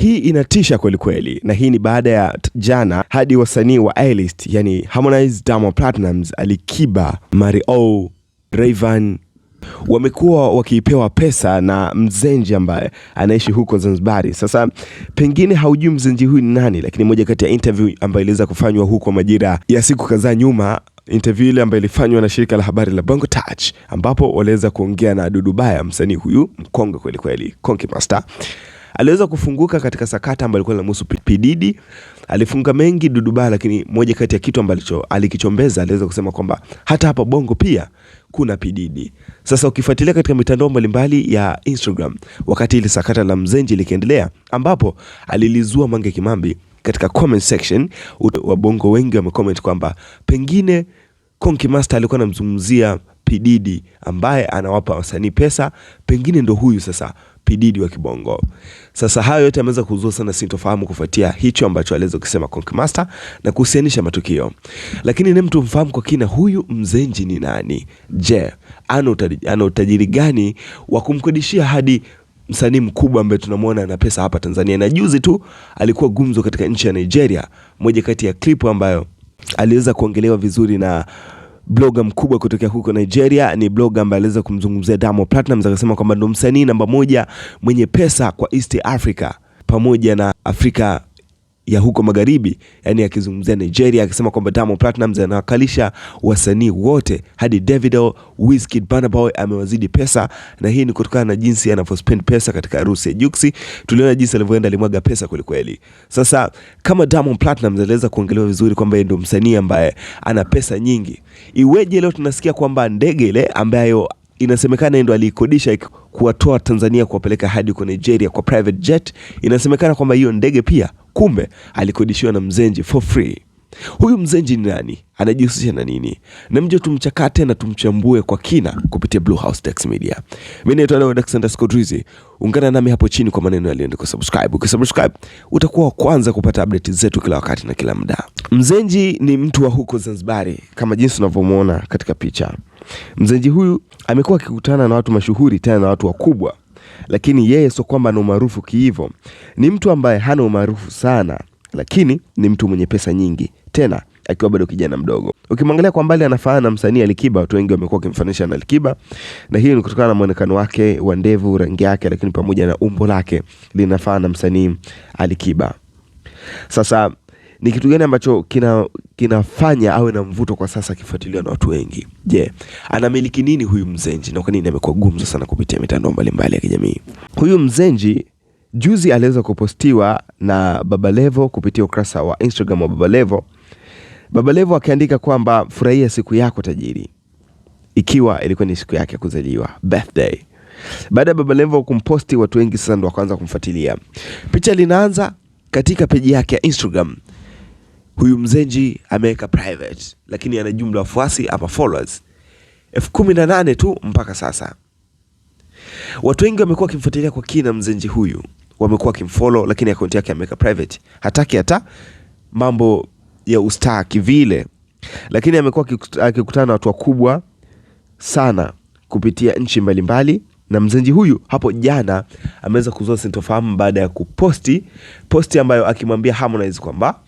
Hii inatisha kweli kweli, na hii ni baada ya jana hadi wasanii wa A-list yani Harmonize, Diamond Platnumz, Alikiba, Mario, Rayvanny wamekuwa wakipewa pesa na mzenji ambaye anaishi huko Zanzibar. Sasa pengine haujui mzenji huyu ni nani, lakini moja kati ya interview ambayo iliweza kufanywa huko majira ya siku kadhaa nyuma, interview ile ambayo ilifanywa na shirika la habari la Bongo Touch, ambapo waliweza kuongea na Dudubaya, msanii huyu mkongwe kweli, Konki Master aliweza kufunguka katika sakata ambayo ilikuwa inamhusu Pididi. Alifunga mengi duduba, lakini moja kati ya kitu ambacho alikichombeza aliweza kusema kwamba hata hapa Bongo pia kuna P Sasa ukifuatilia katika mitandao mbalimbali ya Instagram, wakati ile sakata la Mzenji likiendelea, ambapo alilizua Mange Kimambi katika comment section, wabongo wengi wamecomment kwamba pengine Konki Master alikuwa anamzungumzia Pididi ambaye anawapa wasanii pesa, pengine ndo huyu sasa pididi wa kibongo. Sasa hayo yote yameweza kuzua sana sintofahamu kufuatia hicho ambacho aliweza kusema Konkimaster na kuhusianisha matukio, lakini ni mtu mfahamu kwa kina, huyu Mzenji ni nani? Je, ana utajiri gani wa kumkodishia hadi msanii mkubwa ambaye tunamwona ana pesa hapa Tanzania? Na juzi tu alikuwa gumzo katika nchi ya Nigeria, moja kati ya klipu ambayo aliweza kuongelewa vizuri na bloga mkubwa kutokea huko Nigeria. Ni bloga ambaye aliweza kumzungumzia Diamond Platnumz akasema kwamba ndo msanii namba moja mwenye pesa kwa East Africa pamoja na Afrika ya huko magharibi, yani akizungumzia ya Nigeria, akisema kwamba Diamond Platnumz anawakalisha wasanii wote hadi Davido, Wizkid, Burna Boy amewazidi pesa, na hii ni kutokana na jinsi anavyospend pesa katika harusi ya Juksi. Tuliona jinsi alivyoenda, alimwaga pesa kweli kweli. Sasa kama Diamond Platnumz aliweza kuongelewa vizuri kwamba yeye ndio msanii ambaye ana pesa nyingi, iweje leo tunasikia kwamba ndege ile ambayo inasemekana ndo aliikodisha kuwatoa Tanzania kuwapeleka hadi kwa Nigeria kwa private jet, inasemekana kwamba hiyo ndege pia kumbe alikodishiwa na Mzenji for free. Huyu Mzenji ni nani? Anajihusisha na nini? Na mje tumchakate na tumchambue kwa kina kupitia Blue House Dax Media. Mimi naitwa Leo Dax underscore Drizzy. Ungana nami hapo chini kwa maneno yaliyoandikwa subscribe. Ukisubscribe utakuwa wa kwanza kupata update zetu kila wakati na kila muda. Mzenji ni mtu wa huko Zanzibari kama jinsi unavyomwona katika picha. Mzenji huyu amekuwa akikutana na watu mashuhuri tena na watu wakubwa lakini yeye sio kwamba ana umaarufu kiivo. Ni mtu ambaye hana umaarufu sana, lakini ni mtu mwenye pesa nyingi, tena akiwa bado kijana mdogo. Ukimwangalia kwa mbali anafanana na msanii Alikiba, watu wengi wamekuwa wakimfananisha na Alikiba, na hiyo ni kutokana na mwonekano wake wa ndevu, rangi yake, lakini pamoja na umbo lake linafanana na msanii Alikiba. Sasa ni kitu gani ambacho kina kinafanya awe na mvuto kwa sasa akifuatiliwa na watu wengi? Je, yeah. Anamiliki nini huyu mzenji na kwa nini amekuwa gumzo sana kupitia mitandao mbalimbali ya kijamii? Huyu mzenji juzi aliweza kupostiwa na Babalevo kupitia ukurasa wa Instagram wa baba Levo akiandika kwamba furahia siku yako tajiri, ikiwa ilikuwa ni siku yake ya kuzaliwa birthday. Baada ya Levo kumposti, watu wengi sasa ndo wakaanza kumfuatilia. Picha linaanza katika peji yake ya Instagram huyu Mzenji ameweka private, lakini ana jumla wafuasi ama followers elfu kumi na nane tu mpaka sasa. Watu wengi wamekuwa wakimfuatilia kwa kina Mzenji huyu, wamekuwa wakimfollow, lakini akaunti yake ameweka private, hataki hata mambo ya ustaa kivile, lakini amekuwa akikutana na watu wakubwa sana kupitia nchi mbalimbali mbali, na mzenji huyu hapo jana ameweza kuzua sintofahamu baada ya kuposti posti ambayo akimwambia Harmonize kwamba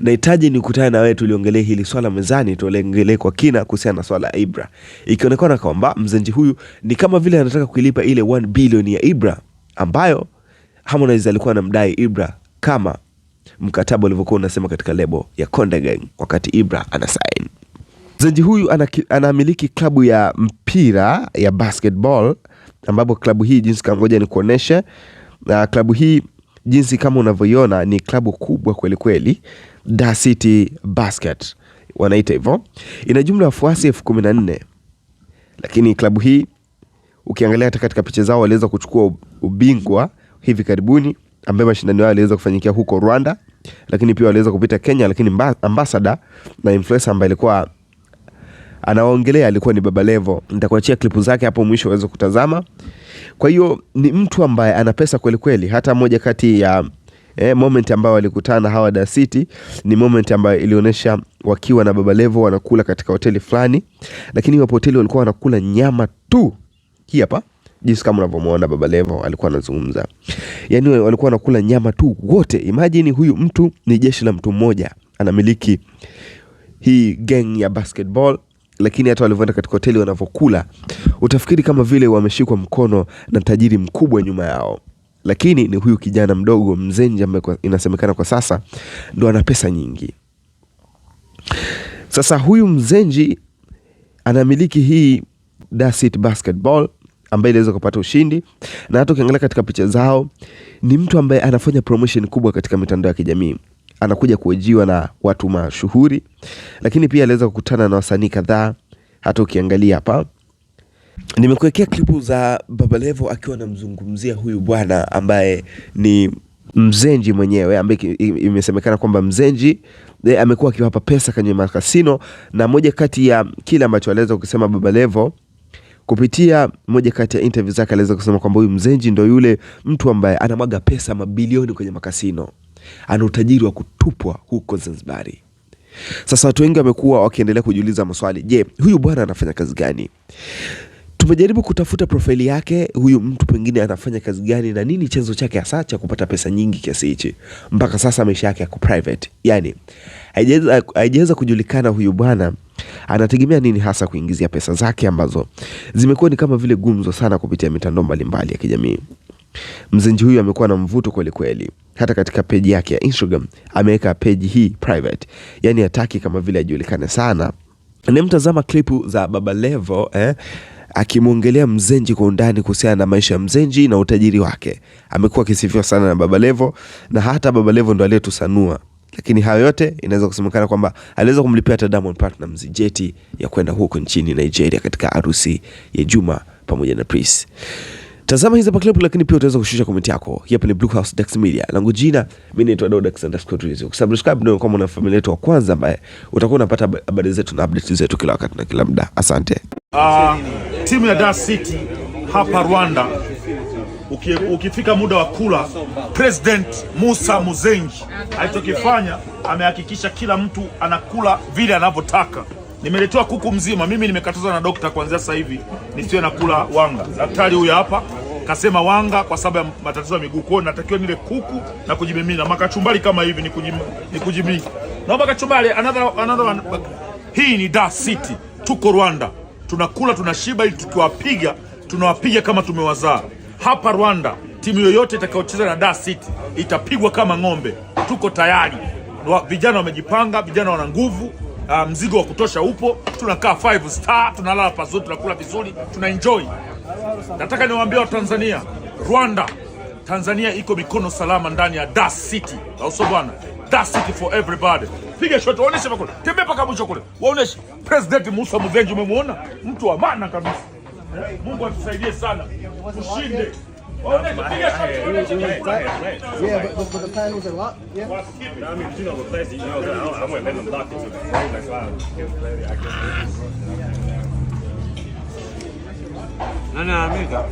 nahitaji nikutane na wewe tuliongelee hili swala mezani, tuliongelee kwa kina kuhusiana na swala ya Ibra, ikionekana kwamba mzenji huyu ni kama vile anataka kuilipa ile 1 billion ya Ibra ambayo Harmonize alikuwa anamdai Ibra kama mkataba ulivyokuwa unasema katika lebo ya Konde Gang wakati Ibra anasaini. Mzenji huyu anamiliki klabu ya mpira ya basketball ambapo klabu hii jinsi kama, ngoja nikuoneshe na klabu hii jinsi kama unavyoiona ni klabu kubwa kweli kweli, Da City Basket wanaita hivyo. Ina jumla ya wafuasi elfu kumi na nne lakini klabu hii ukiangalia hata katika picha zao waliweza kuchukua ubingwa hivi karibuni, ambaye mashindano yao yaliweza kufanyikia huko Rwanda, lakini pia waliweza kupita Kenya, lakini ambasada na influencer ambaye alikuwa anaongelea alikuwa ni Baba Levo. Nitakuachia klipu zake hapo mwisho uweze kutazama. Kwa hiyo ni mtu ambaye ana pesa kweli kweli. Hata moja kati ya eh, moment ambayo walikutana hawa Da City ni moment ambayo ilionyesha wakiwa na Baba Levo wanakula katika hoteli fulani, lakini hapo hoteli walikuwa wanakula nyama tu. Hii hapa jinsi kama unavyomwona Baba Levo alikuwa anazungumza, yani walikuwa wanakula nyama tu wote. Imagine huyu mtu ni jeshi la mtu mmoja, anamiliki hii gang ya basketball lakini hata walivyoenda katika hoteli wanavyokula, utafikiri kama vile wameshikwa mkono na tajiri mkubwa nyuma yao, lakini ni huyu kijana mdogo Mzenji ambaye inasemekana kwa sasa ndo ana pesa nyingi. Sasa huyu Mzenji anamiliki hii Dasit Basketball ambaye iliweza kupata ushindi, na hata ukiangalia katika picha zao ni mtu ambaye anafanya promotion kubwa katika mitandao ya kijamii anakuja kuojiwa na watu mashuhuri, lakini pia aliweza kukutana na wasanii kadhaa. Hata ukiangalia hapa nimekuwekea klipu za Levo akiwa anamzungumzia huyu bwana ambaye ni Mzenji mwenyewe ambaye imesemekana kwamba Mzenji eh, amekuwa akiwapa pesa kwenye makasino, na moja kati ya kile ambacho aliweza kusema Levo kupitia moja kati ya interview zake aliweza kusema kwamba huyu Mzenji ndo yule mtu ambaye anamwaga pesa mabilioni kwenye makasino ana utajiri wa kutupwa huko Zanzibari. Sasa watu wengi wamekuwa wakiendelea kujiuliza maswali, je, huyu bwana anafanya kazi gani? Tumejaribu kutafuta profaili yake, huyu mtu pengine anafanya kazi gani na nini chanzo chake hasa cha kupata pesa nyingi kiasi hichi. Mpaka sasa maisha yake yako private, yani haijaweza kujulikana huyu bwana anategemea nini hasa kuingizia pesa zake ambazo zimekuwa ni kama vile gumzo sana kupitia mitandao mbalimbali ya kijamii. Mzenji huyu amekuwa na mvuto kwelikweli hata katika peji yake ya Instagram ameweka peji hii private, yani hataki kama vile ajulikane sana. Nimtazama klipu za Baba Levo eh, akimwongelea Mzenji kwa undani kuhusiana na maisha ya Mzenji na utajiri wake. Amekuwa akisifiwa sana na Baba Levo na hata Baba Levo ndo aliyetusanua lakini hayo yote inaweza kusemekana kwamba aliweza kumlipia hata Diamond Platnumz jeti ya kwenda huko nchini Nigeria katika harusi ya Juma pamoja na Prince. Tazama hizi hapa clip, lakini pia utaweza kushusha comment yako. Hapa ni Blue House Dax Media, langu jina mimi naitwa Dodax underscore Twiz. Subscribe ndio kama mwanafamilia yetu wa kwanza ambaye utakuwa unapata habari zetu na update zetu kila wakati na kila muda. Asante. Uh, ah, timu ya Dar City hapa Rwanda, uki, ukifika muda wa kula, President Musa Muzengi alichokifanya amehakikisha kila mtu anakula vile anavyotaka. Nimeletewa kuku mzima, mimi nimekatazwa na dokta kuanzia sasa hivi nisiwe nakula wanga. Daktari huyu hapa kasema wanga kwa sababu ya matatizo ya miguu, kwao natakiwa nile kuku na kujimimina makachumbali kama hivi, ni kujimimina naomba kachumbali another, another one. Hii ni Dar City, tuko Rwanda, tunakula tunashiba, ili tukiwapiga tunawapiga kama tumewazaa. Hapa Rwanda timu yoyote itakayocheza na Dar City itapigwa kama ng'ombe. Tuko tayari, vijana wamejipanga, vijana wana nguvu, ah, mzigo wa kutosha upo. Tunakaa five star, tunalala pazuri, tunakula vizuri, tuna enjoy. Nataka niwaambie Watanzania, Rwanda, Tanzania iko mikono salama ndani ya Dar City, au bwana? Dar City for everybody. Piga shot, waoneshe kule, tembea mpaka mwisho kule, waoneshe President Musa Muzenji. Umemwona mtu wa maana kabisa. Mungu atusaidie sana, ushinde No, no, amiga.